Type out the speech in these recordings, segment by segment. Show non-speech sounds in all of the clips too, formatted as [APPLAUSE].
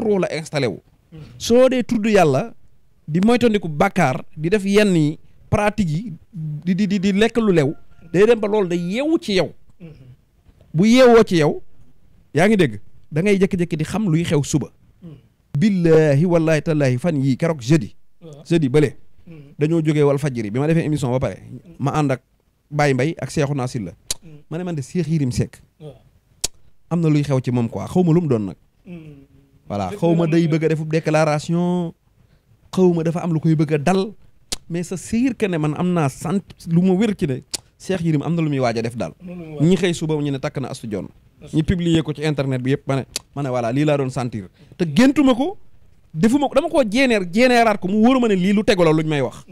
ruu la installé wu soo dee tudd yàlla di moytandiku bàkkaar di def yenn yi pratique yi di di di di lekk lu lew day dem ba loolu day yeewu ci yow bu yeewoo ci yow yaa ngi dégg dangay ngay jékki di xam luy xew suba billaahi wallaahi tallaahi fan yi keroog jeudi jeudi bële hmm. dañoo jógee wal fajiri bi ma defee émission ba pare ma ànd ak Baye Mbaye ak Seexu Naasir la hmm. ma ne man de Seex Yirim Seck am na luy xew ci moom quoi xaw ma lu mu doon nag hmm. voilà xawma ma day bëgg a defub déclaration xaw ma dafa am lu koy bëgg a dal mais sa siir que ne man am naa sant lu ma wér ci ne Cheikh Yérim am na lu muy waaj def daal ñi xëy suba ñu ne takk na Astou Dione ñu publier ko ci internet bi yëpp ma ne ma ne voilà lii laa doon sentir te géntuma ko defuma ko dama koo jéeneer jéeneeraat ko mu wóoru ma ne lii lu tegula luñ may wax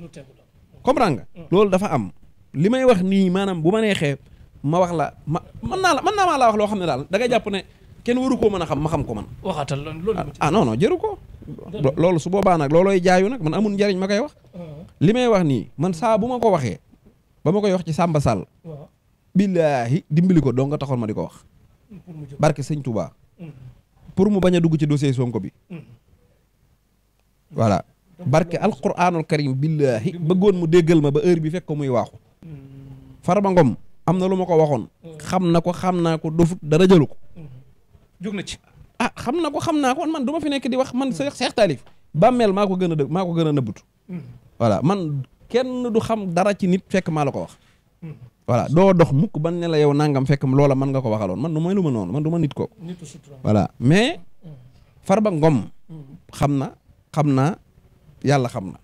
comprendre nga mm. loolu dafa am li may wax nii maanaam bu ma neexee ma wax la ma mën naa la mën naa maa loo xam ne daal da ngay jàpp ne kenn waru koo mën a xam ma xam ko man. waxaatal loolu ah, ah non ko. loolu su boobaa nag loolooy jaayu nag man amul njariñ ma koy wax. Ah. li may wax nii man saa bu ma ko waxee. ba ma koy wax ci Samba Sall. waaw billaahi dimbali ko dong nga taxoon ma di ko wax. barke sëñ Touba. Mm-hmm. pour mu baña dugg ci dossier mm-hmm. ko bi. voilà barke alquranul karim billaahi bëggoon mu déggal ma ba heure bi fekk ko muy waaxu. Mm-hmm. Farba Ngom am na lu ma ko waxoon. xam na ko xam naa ko dofut dara jëlu ko. jóg na ci ah, xam na ko xam naa ko man du fi nekk di wax man Seex Seex Taalif bàmmeel maa ko gën a dë maa ko gën a nëbbutu mm-hmm. voilà man kenn du xam dara ci nit fekk maa la ko wax mm-hmm. voilà doo dox mukk ba ne la yow nangam fekk loola man nga ko waxaloon man du may lu ma noonu man du ma nit kooku voilà mm-hmm. Ngom xam na xam naa yàlla xam na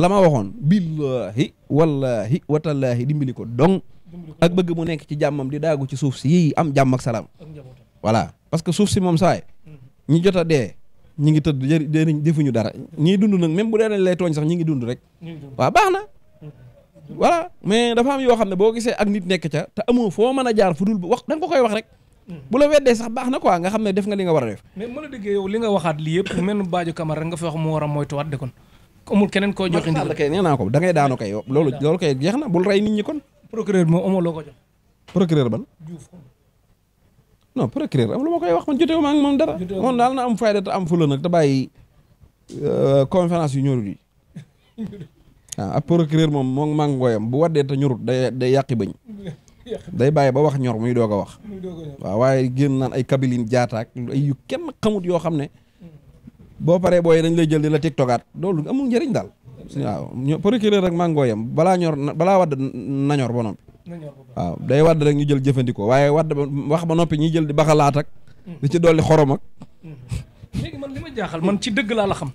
la ma waxoon billahi wallahi watallaahi dimbali ko dong ak bëgg mu nekk ci jàmmam di daagu ci suuf si yi am jàmm ak salaam voilà parce que suuf si moom saay ñi jot a dee ñi ngi tëdd jëriñ defuñu dara ñiy dund nag même bu dee dañ lay tooñ sax ñi ngi dund rek waaw baax na mm-hmm. voilà mais dafa am yoo xam ne boo gisee ak nit nekk ca te amoo foo mën a jaar fu dul wax da koy wax rek mm-hmm. bu la weddee sax baax na quoi nga xam ne def nga li nga war a def a déggee yow li nga waxaat lii yëpp mel ni Badio Camara rek nga fi wax a moytuwaat naa ko da ngay daanu kay loolu loolu kay jeex na bul rey nit ñi kon procureur moom ban non procureur am lu ma koy wax man jotewu ma ak moom dara moom daal na am fayda te am fula nag te bàyyi euh, conférence yu ñorut yi waaw [LAUGHS] ah, procureur moom moom màngooyam bu waddee te ñorut day day yàqi [LAUGHS] day bàyyi ba wax ñor muy doog a wax waaye génn naan ay kabilin jaataak ay yu kenn xamut yoo xam ne boo paree booy dañ lay jël di la teg togaat loolu amul njëriñ daal waaw procureur rek màngooyam balaa ñor balaa wadd nañor bonom waaw day wadd rek ñu jël jëfandikoo waaye wadd ba wax ba noppi ñuy jël di baxalaat ak mm-hmm. di ci dolli xorom ak mm-hmm. man li ma jaaxal man ci dëgg laa la xam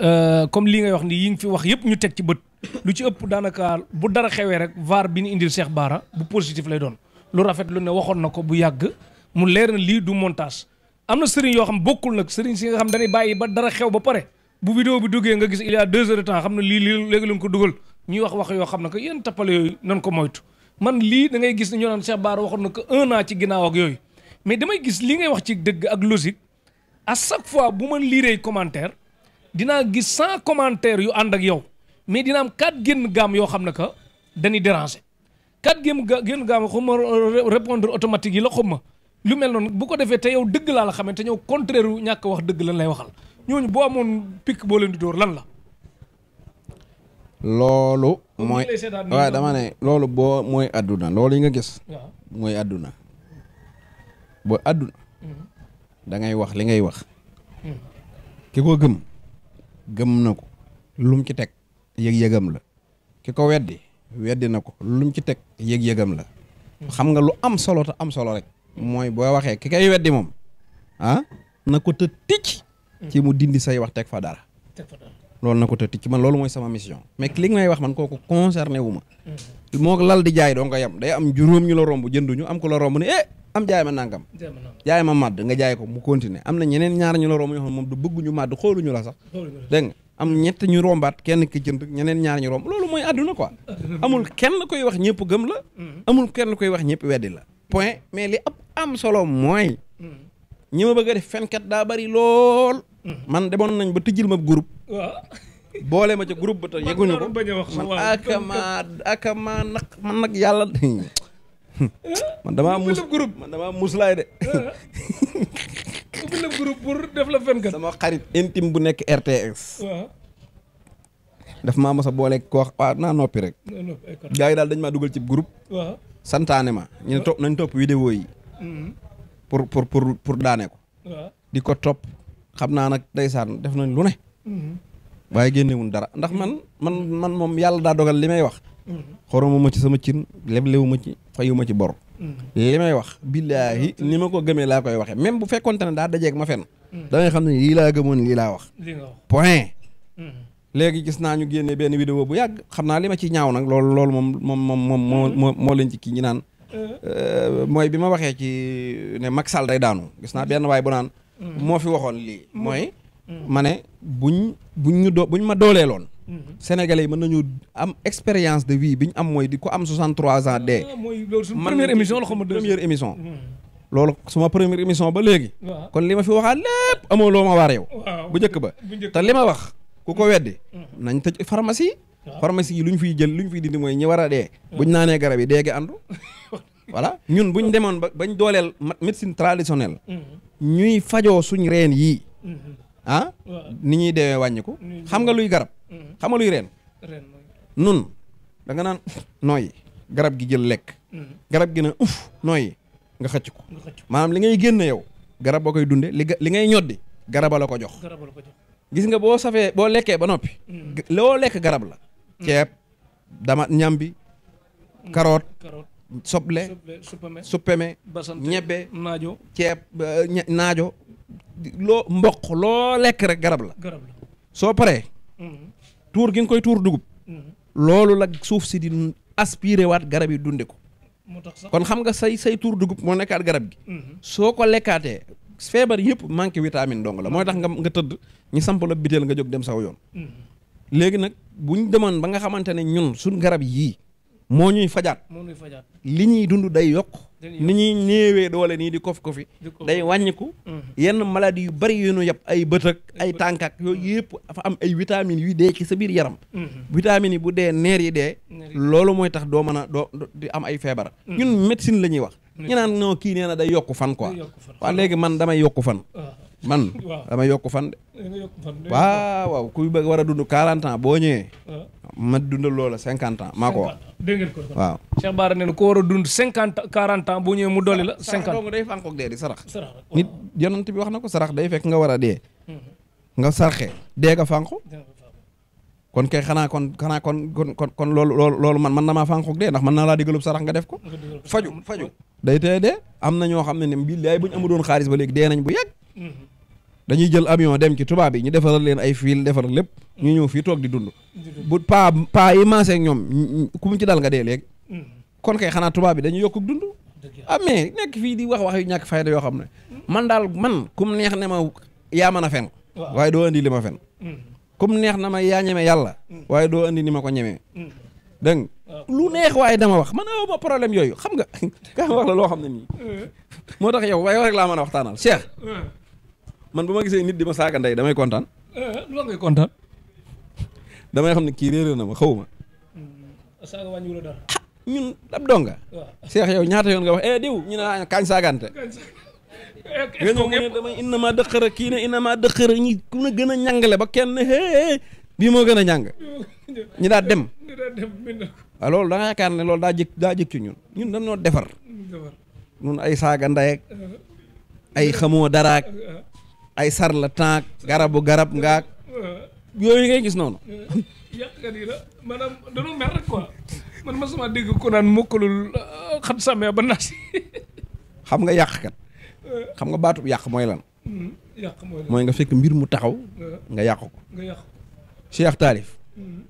euh, comme li ngay wax ni yi nga fi wax yëpp ñu teg ci bët lu ci ëpp daanaka bu dara xewee rek var bi ñu indil Cheikh Bara bu positif lay doon lu rafet lu ne waxoon na ko bu yàgg mu leer na lii du montage am na sëriñ yoo xam bokkul nag sëriñ si xam dañuy bàyyi ba dara xew ba pare bu vidéo bi duggee nga gis il y a deux heures lii lii léegi lañ ko dugal ñuy wax wax yoo xam ne que yéen tappale yooyu nan ko moytu man lii da ngay gis ñu naan Cheikh baar waxoon na ko un ci ginnaaw ak yooyu mais damay gis li ngay wax ci dëgg ak logique a chaque fois bu ma liiree commentaire dinaa gis sans commentaires yu ànd ak yow mais dina am quatre génn gaam yoo xam ne que dañuy déranger quatre génn génn gaam xaw ma répondre automatique yi la xaw ma lu mel noonu bu ko defee te yow dëgg laa la xamante ñëw contraire yu ñàkk wax dëgg lan lay waxal ñooñu boo amoon picc boo leen di dóor lan la. loolu. mooy waaw dama ne loolu boo mooy àdduna loolu yi nga gis. mooy àdduna. boo àdduna. Mm-hmm. da wax li ngay wax. Mm-hmm. ki ko gëm gëm na ko lum ci teg yëg-yëgam la ki ko weddi weddi na ko lum ci teg yëg-yëgam la. Mm-hmm. xam nga lu am solo te am solo rek. mooy boo waxee ki kay weddi moom ah na ko te ticc. ci mu dindi say wax teg fa dara. teg fa dara. loolu na ko tëtti ci man loolu mooy sama mission mais li nga may wax man kooku concerné wu ma moo lal di jaay doo nga yem day am juróom ñu la romb jënduñu am ko la romb ne eh am jaay ma nangam jaay ma màdd ko mu continuer am na ñeneen ñaar ñu la romb ñoo xam moom du bëgguñu màdd xooluñu rombaat kenn ki jënd ñeneen ñaar ñu romb loolu mooy àdduna quoi amul kenn koy wax ñëpp gëm la mm-hmm. amul kenn koy wax ñëpp weddi la point mais li ab am solo mooy mm. ñi ma bëgg a daa bari lool Mhm. man demoon nañ ba tëjjil ma groupe. waaw. boole ma ca group ba te [LAUGHS] yeguñu ko man akamaa akamaa nag man nag yàlla. [LAUGHS] Hmm. man damaa mus groupe man damaa muslaay de. Ah. ubbi [LAUGHS] xarit intime bu nekk RTS. waaw. daf maa mos a boole koo ah, naa noppi rek. gars yi daal dañ ma dugal ci group waaw santaane ma ñu topp nañ topp vidéo mhm. daane ko. di ko topp. xam naa nag day saan def nañ lu ne. Mm-hmm. waaye génnewun dara ndax man man man moom yàlla daa dogal li may wax. Mm-hmm. xoromu ma ci sama cin leblewu ma ci fayu ma ci bor. Mm-hmm. li may wax billaahi ni ma ko gëmee laa koy waxee même bu fekkonte ne daa dajeeg ma fen da xam ne lii laa gëmoon lii laa wax. point. léegi gis naa ñu génne benn vidéo bu yàgg xam naa li ma ci ñaaw nag loolu loolu moom moom moom moo moo moo leen ci kii ñu naan. Euh. Euh, mooy bi ma waxee ci ne Macky Sall day daanu gis naa benn waay bu Mm-hmm. moo fi waxoon lii mm-hmm. mooy mm-hmm. ma ne buñ buñ ñu doo buñ ma dooleeloon sénégalais yi mën nañu am expérience de vie bi ñu am mooy di ko am 63 ans dee ah, mooy loolu suñu première émission la xam émission loolu suma première émission ba léegi kon li ma fi waxaat lépp amoo loo ma waar yow bu jëkk ba te li ma wax ku ko weddi nañ tëj pharmacie pharmacie yi lu ñu fiy jël lu ñu dindi mooy ñi war a dee buñ naanee garab yi dee gi andu [LAUGHS] voilà ñun bu ñu demoon ba bañ dooleel médecine traditionnelle. ñuy fajoo suñ reen yii. Ah? ni ñuy deewee wàññiku xam nga luy garab. Mm-hmm. xam nga luy reen. nun da nga naan noy garab gi jël lekk. Mm-hmm. garab gi na uf nga xëcc ko. maanaam li ngay génn yow garab boo koy dundee li li ngay ñoddi garaba la ko jox. gis nga boo safee boo lekkee ba noppi. Mm-hmm. loo lekk garab la. ceeb dama ñambi. carotte. soble suppeme ñebbe naajo ceeb euh, naajo loo mboq loo lekk rek garab la soo paree mhm. tuur gi nga koy tuur dugub mhm. loolu la suuf si di aspiré waat garab yi dunde ko kon xam nga say say tuur dugub moo nekkaat garab gi mhm. soo ko lekkaatee feebar yëpp manqué vitamine dong la mooy tax nga nga tëdd ñu samp la biteel nga jóg dem saw yoon léegi nag buñ demoon ba nga xamante ne ñun suñ garab yii moo ñuy fajaat. moo ñuy fajaat li ñuy dund day yokk. ni ñuy néewee doole nii di kof kofi day wàññiku. Mm-hmm. yenn maladi yu bari yu ñu yab ay bët ak ay tànk yooyu mm-hmm. yëpp dafa am ay vitamines yuy dee ci sa biir yaram. Mm-hmm. vitamines yi bu dee neer yi dee. loolu mooy tax doo mën a doo di am ay feebar. ñun médecine la ñuy wax. ñu naan non kii nee na day yokku fan quoi. waa léegi man damay yokku fan. Uh-huh. man. [LAUGHS] dama yokk fan de. waaw waaw kuy war a dund 40 ans boo ñëwee. Ah. ma dundal loola 50 ans maa ko wax. dégg ngeen ko waaw. Cheikh Bara nee na ko war a dund 50 40 boo ñëwee mu dolli la. 50 ans day fànqoog dee di sarax. nit yonent bi wax na ko sarax day fekk nga war a dee. Hmm. nga sarxe dee nga fànqu. kon kay xanaa kon xanaa kon kon kon kon loolu loolu loolu man man na maa fànqoog dee ndax mën naa laa digalub sarax nga def ko. faju faju day tey dee am na ñoo xam ne ne billaay bu ñu amu doon xaalis ba léegi dee nañ bu yàgg dañuy jël avion dem ci tubaab yi ñu defaral leen ay fiil defaral lépp ñu ñëw fii toog di dund bu paa paa yi maase ak ñoom ku mu ci dal nga dee léegi mm-hmm. kon kay xanaa tubaab dañuy yokk dund ah nekk fii di wax wax yu ñàkk fayda yoo xam ne man daal man kum neex ne ma yaa mën a fen waaye doo andi li ma fen mm-hmm. kum neex na ma yaa ñeme yàlla mm-hmm. waaye doo andi ni ma ko ñemee dégg lu neex waaye dama wax man aw ma problème yooyu xam nga kaa [LAUGHS] wax la loo xam ne nii a man bu ma gisee nit di ma saaga ndey damay kontaan. Eh, lu la ngay kontaan. damay xam ne kii réeré na ma xaw ma. Hmm, saaga wàññi wala ñun ab donga. waaw Cheikh yow ñaata yoon nga wax eh diw ñu ne ah, kaañ saagante. [LAUGHS] kii ne innama dëxëra ñi ku ne gën a ñàngale ba kenn hee bii moo gën a ñàng [LAUGHS] ñi daa dem waaw ah, loolu ne loolu daa jëkk daa jëkk ci ñun ñun dañoo defar ñun ay saaga ndey eh. ay xamoo daraak eh. ay sar la tànk garabu garab ngaak yooyu ngay gis noonu. yàqkat yi ma sama dégg ko naan mokkalul euh, xat sàmmee ba naas xam nga yàqkat euh. xam nga baatub hmm, yàq mooy lan. mooy nga fekk mbir mu taxaw. Euh. nga yàq ko nga yàq ko. Hmm.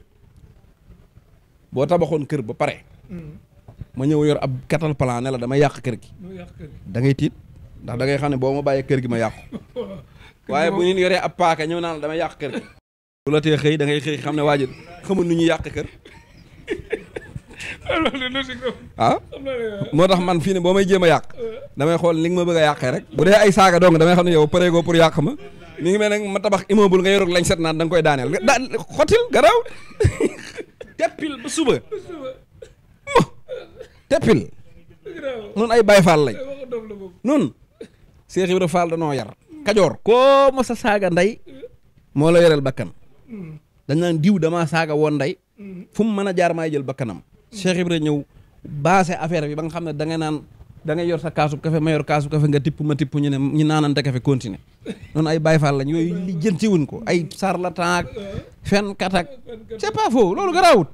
boo tabaxoon kër ba pare. Hmm. ma ñëw yor ab katal palaane la dama yàq kër gi. da tiit ndax da ngay xam ne boo ma bàyyee kër gi ma yàqu. [LAUGHS] [LAUGHS] waaye bu ñu yoree ab paaka ñëw naan dama yàq kër bu la tee da ngay xëy xam ne waajur xamul nu ñuy yàq kër [LAUGHS] ah? moo tax man fii ne boo may jéem a yàq damay xool li nga ma bëgg a yàqee rek bu dee ay saaga dong damay xam ne yow pareegoo pour yàq ma mi ngi mel ne ma tabax immeuble nga yorog lañ set naan da koy daaneel da xotil garaaw [LAUGHS] teppil ba suba mo teppil nun ay Baay Faal lañ nun Seex Ibra Faal danoo yar kajoor koo mos a saaga ndey moo la yoreel bakkan dañ naan diw damaa saaga woon ndey fu mu mën a jaar maay jël bakkanam Cheikh Ibra ñëw baase affaire bi ba nga xam ne da nga naan da ngay yor sa kaasu kafe ma yor kaasu kafe nga tipp ma tipp ñu ne ñu naanante kafe continuer noonu ay Baye Fall lañ yooyu li jëntiwuñ ko ay sarlatan ak fenkat ak c'est loolu garaawut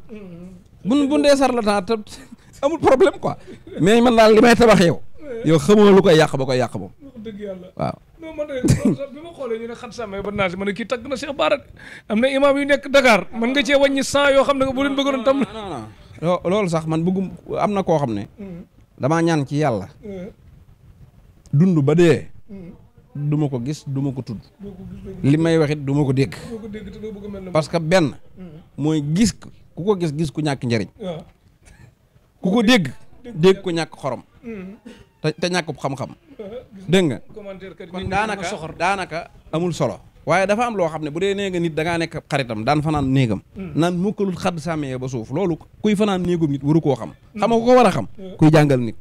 bun bu ndee sarlatan [LAUGHS] problème ko mais man daal li may tabax yow yow xamoo lu koy yàq boo koy yàq non man de bi ma xoolee ñu ne xat sàmmee ba naa si ma ne kii tagg na Cheikh Bara am na imaam yu nekk Dakar mën nga cee wàññi cent yoo xam ne bu leen bëggoon tam loolu sax man bëggum am na koo xam ne damaa ñaan ci yàlla dund ba dee duma ko gis duma ko tudd li may waxit du ma ko dégg parce que benn mooy gis ku ko gis gis ku ñàkk njëriñ ku ko dégg dégg ku ñàkk xorom mm. te te xam-xam dégg nga kon daanaka daanaka amul solo waaye dafa am loo xam ne bu dee nee nga nit da ngaa nekk xaritam daan fanaan néegam hmm. naan mukkalul xadd sàmmee ba suuf loolu kuy fanaan néegum nit waru koo xam xam ko war a xam hmm. kuy jàngal nit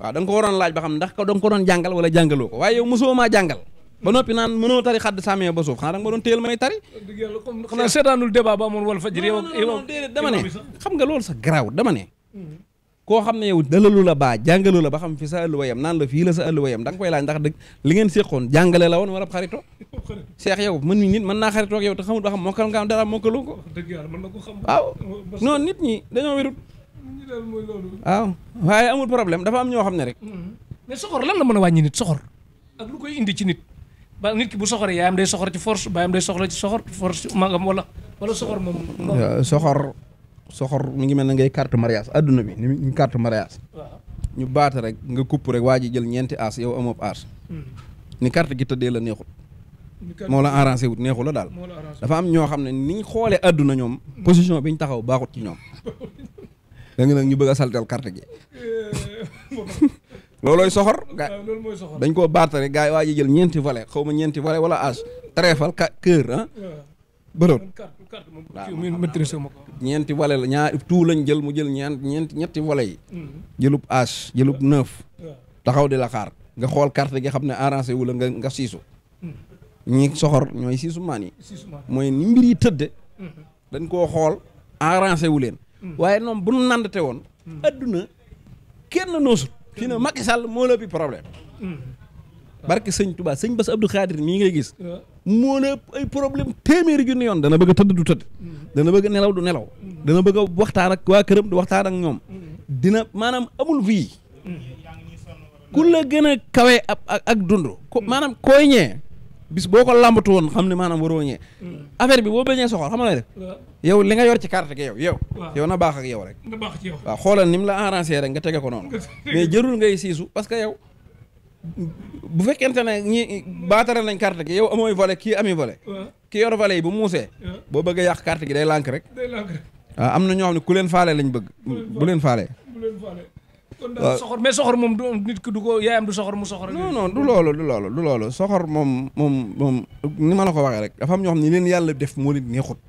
waaw da nga ko waroon laaj ba xam ndax ko da nga ko doon jàngal wala jàngaloo ko waaye yow mosoo maa jàngal ba noppi naan mënoo tari xadd sàmmee ba suuf xanaa da nga ma doon téyel may tari xanaa seetaanul débat ba xam nga loolu sa garaaw dama koo xam ne yow dalalu la baa jàngalu la ba xam fi sa alluwayam naan la fii la sa alluwayam da nga koy laaj ndax dëgg li ngeen séqoon jàngale la woon wala xarito seex yow mën nit mën naa xaritoog yow te xamul ba xam mokkal nga am dara mokkaloo ko noon non nit ñi dañoo wérut waaw waaye amul problème dafa am ñoo xam ne rek mm-hmm. mais lan la mën a wàññi nit soxor ak lu koy indi ci nit ba nit bu soxoree yaayam day soxor ci force baayam day soxor ci soxor force magam wala wala soxor moom soxor soxor mi ngi mel ne ngay carte mariage adduna bi ni carte mariage ñu baata rek nga kupp rek waa ji jël ñeenti aas yow amoo aas hmm. ni carte gi tëddee la neexut moo la arrangé wut neexu la daal dafa am ñoo xam ne niñ xoolee àdduna ñoom position bi ñu taxaw baaxut ci ñoom da [LAUGHS] nga ñu bëgg a saltal carte gi [LAUGHS] loolooy soxor dañ koo baata rek gars yi waa ji jël ñeenti volet xaw ma ñeenti volet wala aas treefal ka kër ah. bëroon ñeenti wale la ñaar tout lañ jël mu jël ñeent ñeenti ñetti wale yi mm-hmm. jëlub âge jëlub neuf taxaw di la xaar nga xool kart gi xam ne arrangé wu la nga nga siisu mm-hmm. ñi soxor ñooy siisu maan yi mooy ni mbir yi tëdde mm-hmm. dañ koo xool arrangé wu leen waaye noonu bu nu nandate woon adduna kenn noosut fi ne Macky Sall moo la bi problème barke sëñ Touba sëñ Bass Abdou Khadir mii ngay gis moo la ay problème téeméeri junni yoon dana bëgg a tëdd du tëdd mm-hmm. dana bëgg a nelaw du nelaw mm-hmm. dana bëgg a waxtaan ak waa këram du waxtaan ak ñoom mm-hmm. dina maanaam amul vie ku la gën a kawe ak ak dund ko maanaam kooy ñee bis boo ko làmbatu woon xam ne maanaam waroo ñee affaire bi boo bañee soxor xam nga li nga yor ci carte gi yow yow na baax ak yow rek waaw xoolal ni la arrangé rek nga tege ko noonu [LAUGHS] mais jërul ngay bu fekkente ne ñi baataral nañ carte gi yow amooy volet kii ami volet ki yor volet yi bu muusee boo bëgg a yàq carte gi day lànk rek ah, am na ñoo xam ne ku leen faale lañ bëgg bu leen faale kon daal euh, soxor mais moom du nit ki du ko yaayam du soxor mu soxor. non non du loolu du loolu du loolu soxor moom moom moom ni ma la ko waxee rek dafa am ñoo xam ne leen yàlla def moo leen neexut.